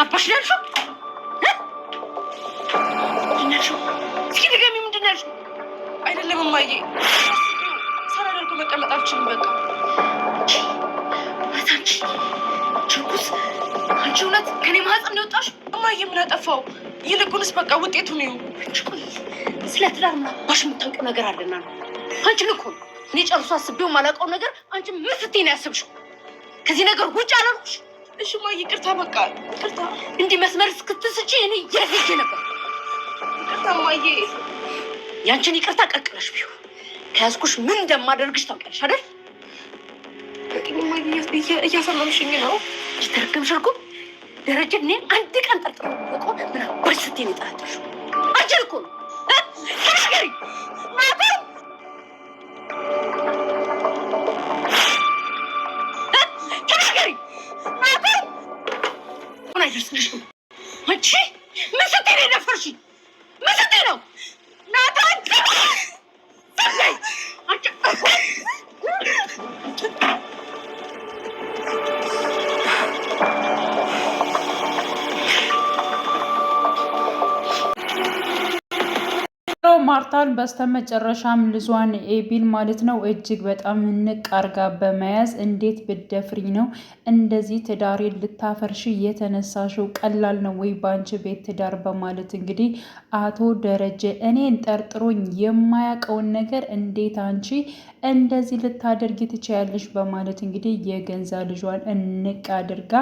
ተናባሽ ነው ያልሽው? ምንድን ያልሽው? እስኪ ድገሚ፣ ምንድን ያልሽው? አይደለም እማዬ፣ ሳላደርገው መቀመጥ አልችልም። በቃ አንቺ ችኩስ፣ አንቺ እውነት ከኔ ማህፀን ነው የወጣሽ? እማዬ፣ ምን አጠፋው? ይልቁንስ በቃ ውጤቱ ነው። አንቺ ስለ ትዳር ምናባሽ የምታውቂው ነገር አለና ነው። አንቺ ልኮ እኔ ጨርሶ አስቤው ማላውቀው ነገር አንቺ ምን ስትይ ነው ከዚህ ነገር ውጭ አላልኩሽ እሽማ ይቅርታ፣ በቃ ይቅርታ። እንዲህ መስመር እስክትስጪ እኔ እያዘጌ ነበር። ይቅርታ እማዬ። ያንቺን ይቅርታ ቀቅለሽ ቢሆን ከያዝኩሽ ምን እንደማደርግሽ ታውቂያለሽ አይደል? እያሳመምሽኝ ነው። ተረገምሽ እርጉም ደረጀ። እኔ አንድ ቀን ጠርጥሮ ቆ ምን አባሽ ስትይ ነው የጠረጠርሽው? አንቺን እኮ ነው። ምን አይደርስልሽ ነው? አንቺ ምን ነው የደፈርሽ? ምን ነው ናታ? ወይዘሮ ማርታን በስተመጨረሻም ልጇን ኤቢል ማለት ነው እጅግ በጣም ንቅ አርጋ በመያዝ እንዴት ብደፍሪ ነው እንደዚህ ትዳሬን ልታፈርሽ የተነሳሽው? ቀላል ነው ወይ በአንቺ ቤት ትዳር? በማለት እንግዲህ አቶ ደረጀ እኔን ጠርጥሮኝ የማያውቀውን ነገር እንዴት አንቺ እንደዚህ ልታደርጊ ትችያለሽ በማለት እንግዲህ የገንዛ ልጇን እንቅ አድርጋ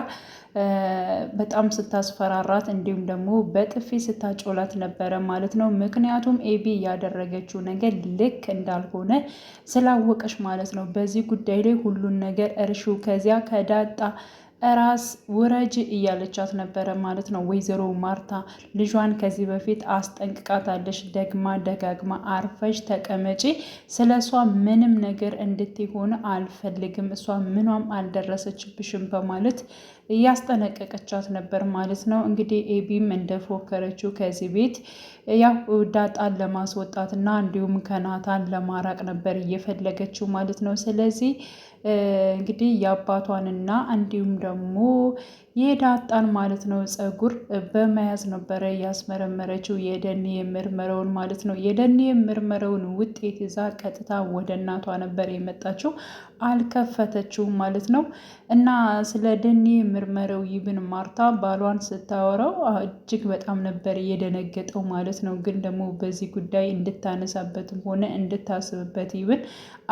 በጣም ስታስፈራራት እንዲሁም ደግሞ በጥፊ ስታጮላት ነበረ ማለት ነው። ምክንያቱም ኤቢ ያደረገችው ነገር ልክ እንዳልሆነ ስላወቀች ማለት ነው። በዚህ ጉዳይ ላይ ሁሉን ነገር እርሹ ከዚያ ከዳጣ ራስ ውረጅ እያለቻት ነበረ ማለት ነው። ወይዘሮ ማርታ ልጇን ከዚህ በፊት አስጠንቅቃታለች። ደግማ ደጋግማ አርፈሽ ተቀመጪ፣ ስለ እሷ ምንም ነገር እንድትሆን አልፈልግም፣ እሷ ምኗም አልደረሰችብሽም በማለት እያስጠነቀቀቻት ነበር ማለት ነው። እንግዲህ ኤቢም እንደፎከረችው ከዚህ ቤት ያው ዳጣን ለማስወጣትና እንዲሁም ከናታን ለማራቅ ነበር እየፈለገችው ማለት ነው። ስለዚህ እንግዲህ የአባቷንና እንዲሁም ደግሞ የዳጣን ማለት ነው ፀጉር በመያዝ ነበረ ያስመረመረችው የደኔ የምርመረውን ማለት ነው። የደኔ የምርመረውን ውጤት ይዛ ቀጥታ ወደ እናቷ ነበር የመጣችው። አልከፈተችውም ማለት ነው። እና ስለ ደኔ የምርመረው ይብን ማርታ ባሏን ስታወራው እጅግ በጣም ነበር የደነገጠው ማለት ነው። ግን ደግሞ በዚህ ጉዳይ እንድታነሳበትም ሆነ እንድታስብበት ይብን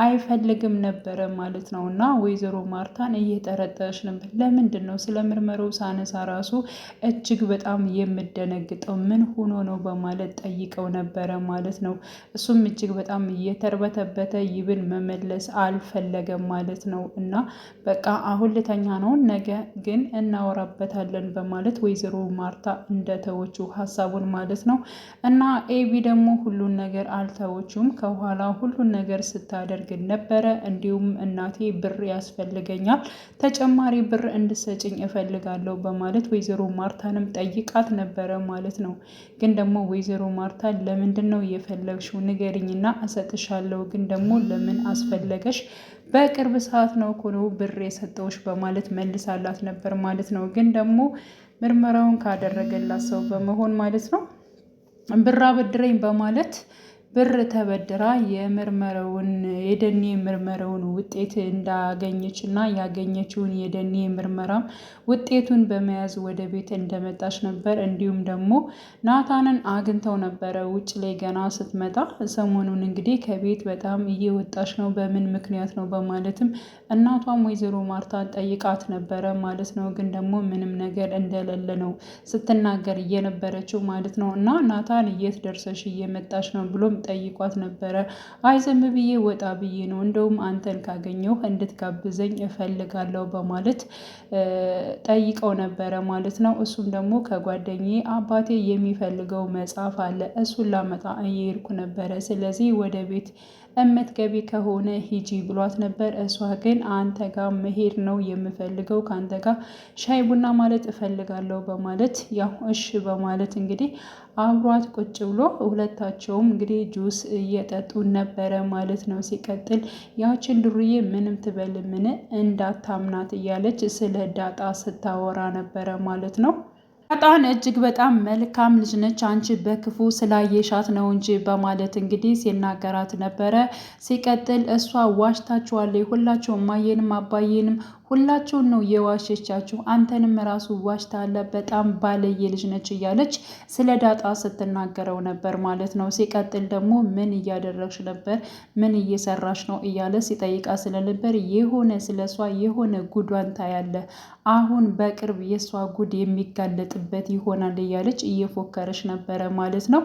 አይፈልግም ነበረ ማለት ነው። እና ወይዘሮ ማርታን እየጠረጠረች ነበር። ለምንድን ነው ስለ ምርመራው ሳነሳ ራሱ እጅግ በጣም የምደነግጠው ምን ሆኖ ነው በማለት ጠይቀው ነበረ ማለት ነው። እሱም እጅግ በጣም እየተርበተበተ ይብን መመለስ አልፈለገም ማለት ነው። እና በቃ አሁን ልተኛ ነው፣ ነገ ግን እናወራበታለን በማለት ወይዘሮ ማርታ እንደተወቹ ሀሳቡን ማለት ነው። እና ኤቢ ደግሞ ሁሉን ነገር አልተወቹም። ከኋላ ሁሉን ነገር ስታደርግ ያስፈልግን ነበረ። እንዲሁም እናቴ ብር ያስፈልገኛል፣ ተጨማሪ ብር እንድሰጭኝ እፈልጋለሁ በማለት ወይዘሮ ማርታንም ጠይቃት ነበረ ማለት ነው። ግን ደግሞ ወይዘሮ ማርታ ለምንድን ነው የፈለግሽው ንገርኝና እሰጥሻለሁ፣ ግን ደግሞ ለምን አስፈለገሽ በቅርብ ሰዓት ነው እኮ ነው ብር የሰጠውሽ በማለት መልሳላት ነበር ማለት ነው። ግን ደግሞ ምርመራውን ካደረገላት ሰው በመሆን ማለት ነው ብር አበድረኝ በማለት ብር ተበድራ የምርመራውን የደኔ ምርመራውን ውጤት እንዳገኘች እና ያገኘችውን የደኔ ምርመራም ውጤቱን በመያዝ ወደ ቤት እንደመጣች ነበር። እንዲሁም ደግሞ ናታንን አግኝተው ነበረ ውጭ ላይ ገና ስትመጣ። ሰሞኑን እንግዲህ ከቤት በጣም እየወጣች ነው፣ በምን ምክንያት ነው በማለትም እናቷም ወይዘሮ ማርታን ጠይቃት ነበረ ማለት ነው። ግን ደግሞ ምንም ነገር እንደሌለ ነው ስትናገር እየነበረችው ማለት ነው። እና ናታን የት ደርሰሽ እየመጣች ነው ብሎም ጠይቋት ነበረ። አይ ዝም ብዬ ወጣ ብዬ ነው፣ እንደውም አንተን ካገኘሁ እንድትጋብዘኝ እፈልጋለሁ በማለት ጠይቀው ነበረ ማለት ነው። እሱም ደግሞ ከጓደኛዬ አባቴ የሚፈልገው መጽሐፍ አለ እሱን ላመጣ እየሄድኩ ነበረ፣ ስለዚህ ወደ ቤት እምትገቢ ከሆነ ሂጂ ብሏት ነበር። እሷ ግን አንተ ጋር መሄድ ነው የምፈልገው፣ ከአንተ ጋር ሻይ ቡና ማለት እፈልጋለሁ በማለት ያው እሺ በማለት እንግዲህ አብሯት ቁጭ ብሎ ሁለታቸውም እንግዲህ ጁስ እየጠጡ ነበረ ማለት ነው። ሲቀጥል ያችን ድሩዬ ምንም ትበል ምን እንዳታምናት እያለች ስለ ዳጣ ስታወራ ነበረ ማለት ነው። ዳጣን እጅግ በጣም መልካም ልጅ ነች፣ አንቺ በክፉ ስላየሻት ነው እንጂ በማለት እንግዲህ ሲናገራት ነበረ። ሲቀጥል እሷ ዋሽታችኋለች፣ ሁላችሁም ማየንም አባዬንም ሁላችሁን ነው የዋሸቻችሁ። አንተንም ራሱ ዋሽታለ። በጣም ባለየ ልጅ ነች እያለች ስለ ዳጣ ስትናገረው ነበር ማለት ነው። ሲቀጥል ደግሞ ምን እያደረግሽ ነበር፣ ምን እየሰራሽ ነው እያለ ሲጠይቃ ስለነበር የሆነ ስለ እሷ የሆነ ጉዷን ታያለ፣ አሁን በቅርብ የእሷ ጉድ የሚጋለጥበት ይሆናል እያለች እየፎከረች ነበረ ማለት ነው።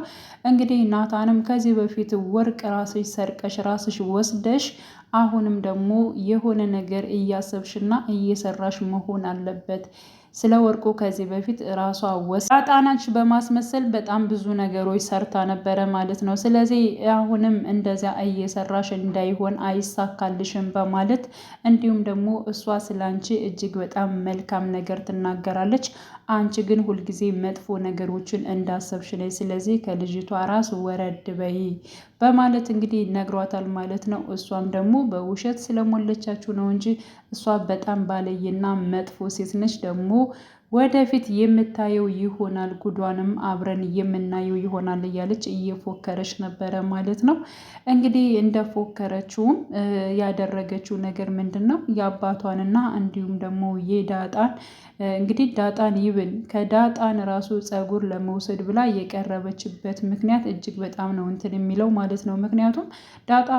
እንግዲህ ናታንም ከዚህ በፊት ወርቅ ራስሽ ሰርቀሽ ራስሽ ወስደሽ አሁንም ደግሞ የሆነ ነገር እያሰብሽና እየሰራሽ መሆን አለበት ስለ ወርቁ ከዚህ በፊት ራሷ ወስ ጣጣናች በማስመሰል በጣም ብዙ ነገሮች ሰርታ ነበረ ማለት ነው። ስለዚህ አሁንም እንደዚያ እየሰራሽ እንዳይሆን አይሳካልሽም በማለት እንዲሁም ደግሞ እሷ ስለ አንቺ እጅግ በጣም መልካም ነገር ትናገራለች። አንቺ ግን ሁልጊዜ መጥፎ ነገሮችን እንዳሰብሽ ነይ። ስለዚህ ከልጅቷ ራስ ወረድ በይ በማለት እንግዲህ ነግሯታል ማለት ነው። እሷም ደግሞ በውሸት ስለሞለቻችሁ ነው እንጂ እሷ በጣም ባለየና መጥፎ ሴት ነች። ደግሞ ወደፊት የምታየው ይሆናል ጉዷንም አብረን የምናየው ይሆናል እያለች እየፎከረች ነበረ ማለት ነው። እንግዲህ እንደፎከረችውም ያደረገችው ነገር ምንድን ነው? የአባቷንና እንዲሁም ደግሞ የዳጣን እንግዲህ ዳጣን ይብን ከዳጣን ራሱ ፀጉር ለመውሰድ ብላ የቀረበችበት ምክንያት እጅግ በጣም ነው እንትን የሚለው ማለት ነው። ምክንያቱም ዳጣ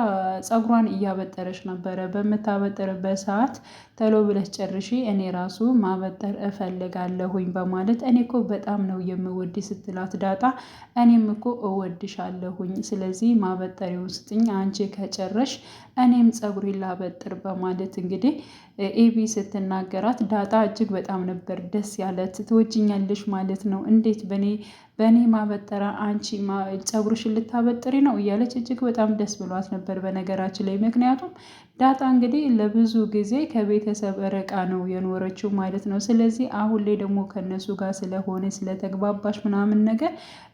ፀጉሯን እያበጠረች ነበረ። በምታበጥርበት ሰዓት ተሎ ብለሽ ጨርሺ፣ እኔ ራሱ ማበጠር እፈልጋል እወዳለሁኝ በማለት እኔ እኮ በጣም ነው የምወድ ስትላት ዳጣ እኔም እኮ እወድሻለሁኝ፣ ስለዚህ ማበጠሪውን ስጥኝ አንቺ ከጨረሽ እኔም ፀጉሬን ላበጥር በማለት እንግዲህ ኤቢ ስትናገራት ዳጣ እጅግ በጣም ነበር ደስ ያለት። ትወጅኛለሽ ማለት ነው እንዴት በኔ በእኔ ማበጠራ አንቺ ፀጉርሽን ልታበጥሪ ነው እያለች እጅግ በጣም ደስ ብሏት ነበር በነገራችን ላይ ምክንያቱም ዳጣ እንግዲህ ለብዙ ጊዜ ከቤተሰብ ርቃ ነው የኖረችው ማለት ነው። ስለዚህ አሁን ላይ ደግሞ ከነሱ ጋር ስለሆነ ስለተግባባሽ ምናምን ነገር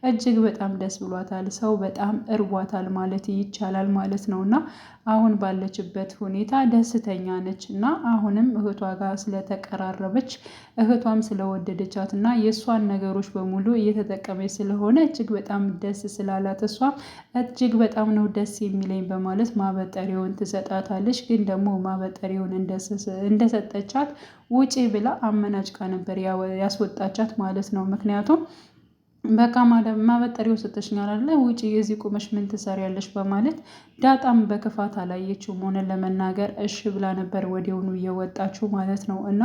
እጅግ በጣም ደስ ብሏታል። ሰው በጣም እርቧታል ማለት ይቻላል ማለት ነው እና አሁን ባለችበት ሁኔታ ደስተኛ ነች እና አሁንም እህቷ ጋር ስለተቀራረበች እህቷም ስለወደደቻት እና የእሷን ነገሮች በሙሉ እየተጠቀመች ስለሆነ እጅግ በጣም ደስ ስላላት እሷ እጅግ በጣም ነው ደስ የሚለኝ በማለት ማበጠሪያውን ትሰጣታለች። ግን ደግሞ ማበጠሪውን እንደሰጠቻት ውጪ ብላ አመናጭቃ ነበር ያስወጣቻት ማለት ነው። ምክንያቱም በቃ ማዳም ማበጠሪያው ሰጥሽኛል አይደለ? የዚህ ቁመሽ ምን ትሰሪያለሽ? በማለት ዳጣም በክፋት አላየችውም። ሆነ ለመናገር እሺ ብላ ነበር ወዲያውኑ እየወጣችው ማለት ነው። እና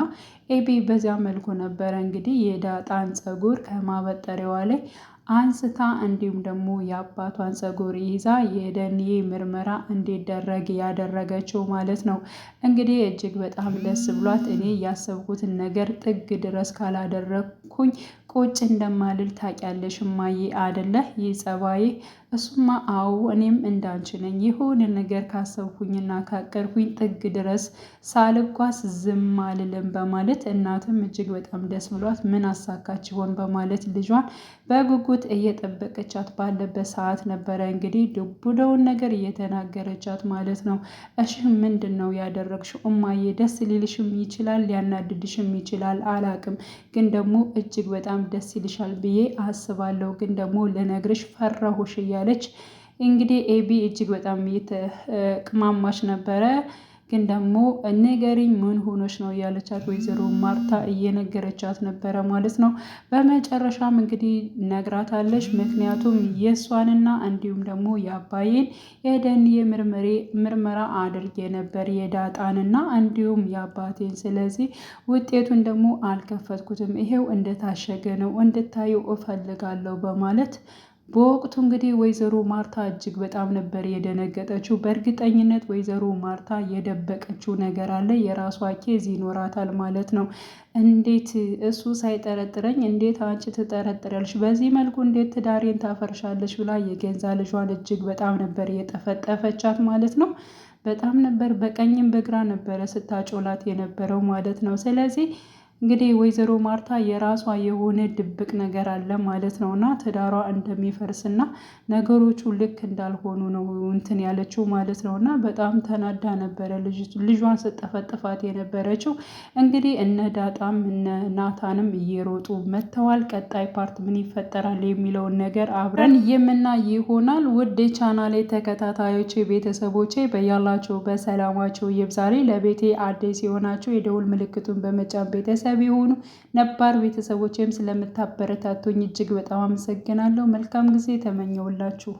ኤቢ በዚያ መልኩ ነበረ እንግዲህ የዳጣን ፀጉር ከማበጠሪዋ ላይ አንስታ እንዲሁም ደግሞ የአባቷን ፀጉር ይዛ የደንዬ ምርመራ እንዲደረግ ያደረገችው ማለት ነው። እንግዲህ እጅግ በጣም ደስ ብሏት እኔ ያሰብኩትን ነገር ጥግ ድረስ ካላደረግኩኝ ቁጭ እንደማልል ታውቂያለሽ እማዬ አደለ ይህ ጸባዬ? እሱማ አዎ እኔም እንዳንቺ ነኝ። የሆነ ነገር ካሰብኩኝና ካቀድኩኝ ጥግ ድረስ ሳልጓዝ ዝም አልልም በማለት እናትም እጅግ በጣም ደስ ብሏት ምን አሳካች ይሆን በማለት ልጇን በጉጉት እየጠበቀቻት ባለበት ሰዓት ነበረ እንግዲህ ድቡደውን ነገር እየተናገረቻት ማለት ነው። እሺ ምንድን ነው ያደረግሽው እማዬ? ደስ ሊልሽም ይችላል ሊያናድድሽም ይችላል አላቅም፣ ግን ደግሞ እጅግ በጣም ደስ ይልሻል ብዬ አስባለሁ፣ ግን ደግሞ ልነግርሽ ፈራሁሽ እያለች እንግዲህ ኤቢ እጅግ በጣም እየተቅማማች ነበረ። ግን ደግሞ ንገሪኝ ምን ሆኖች ነው እያለቻት ወይዘሮ ማርታ እየነገረቻት ነበረ ማለት ነው። በመጨረሻም እንግዲህ ነግራታለች። ምክንያቱም የእሷንና እንዲሁም ደግሞ የአባዬን የደን ምርመራ አድርጌ ነበር የዳጣንና እንዲሁም የአባቴን። ስለዚህ ውጤቱን ደግሞ አልከፈትኩትም፣ ይሄው እንደታሸገ ነው እንድታዩ እፈልጋለሁ በማለት በወቅቱ እንግዲህ ወይዘሮ ማርታ እጅግ በጣም ነበር የደነገጠችው። በእርግጠኝነት ወይዘሮ ማርታ የደበቀችው ነገር አለ፣ የራሷ ኬዝ ይኖራታል ማለት ነው። እንዴት እሱ ሳይጠረጥረኝ እንዴት አንቺ ትጠረጥረልሽ? በዚህ መልኩ እንዴት ትዳሬን ታፈርሻለሽ? ብላ የገንዛ ልጇን እጅግ በጣም ነበር የጠፈጠፈቻት ማለት ነው። በጣም ነበር በቀኝም በግራ ነበረ ስታጮላት የነበረው ማለት ነው። ስለዚህ እንግዲህ ወይዘሮ ማርታ የራሷ የሆነ ድብቅ ነገር አለ ማለት ነው እና ትዳሯ እንደሚፈርስ እንደሚፈርስና ነገሮቹ ልክ እንዳልሆኑ ነው እንትን ያለችው ማለት ነው እና በጣም ተናዳ ነበረ ልጇን ስጠፈጥፋት የነበረችው። እንግዲህ እነ ዳጣም እነ ናታንም እየሮጡ መጥተዋል። ቀጣይ ፓርት ምን ይፈጠራል የሚለውን ነገር አብረን የምናይ ይሆናል። ውድ ቻናሌ ተከታታዮች ቤተሰቦቼ በያላቸው በሰላማቸው ይብዛሬ ለቤቴ አዲስ የሆናቸው የደውል ምልክቱን በመጫን ቤተሰብ ቤተሰብ የሆኑ ነባር ቤተሰቦች ወይም ስለምታበረታቱኝ እጅግ በጣም አመሰግናለሁ። መልካም ጊዜ ተመኘውላችሁ።